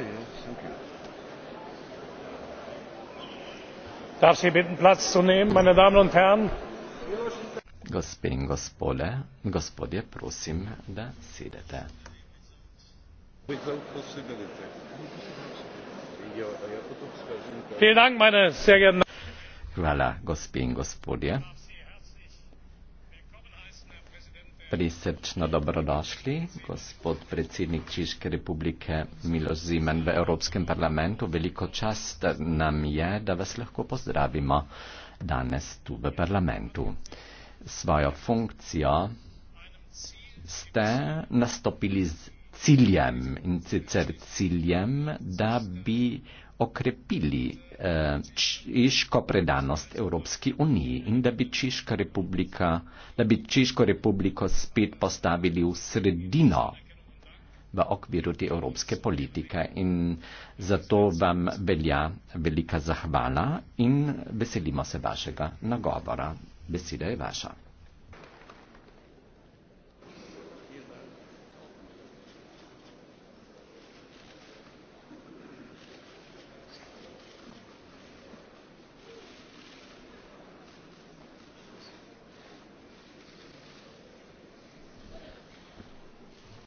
yeah, ja, yeah, ja, thank you. Darf Sie bitten, Platz zu nehmen, meine Damen und Herren? Gospe in gospole, gospodje, prosim, da sedete. Vielen Dank, meine sehr geehrten Damen und Herren. Hvala, gospe in gospodje. Prisrčno dobrodošli, gospod predsednik Češke republike Miloš Zimen v Evropskem parlamentu. Veliko čast nam je, da vas lahko pozdravimo danes tu v parlamentu. Svojo funkcijo ste nastopili z ciljem, in sicer ciljem, da bi okrepili eh, češko predanost Evropski uniji in da bi, da bi Češko republiko spet postavili v sredino v okviru te evropske politike. In zato vam velja velika zahvala in veselimo se vašega nagovora. Beseda je vaša.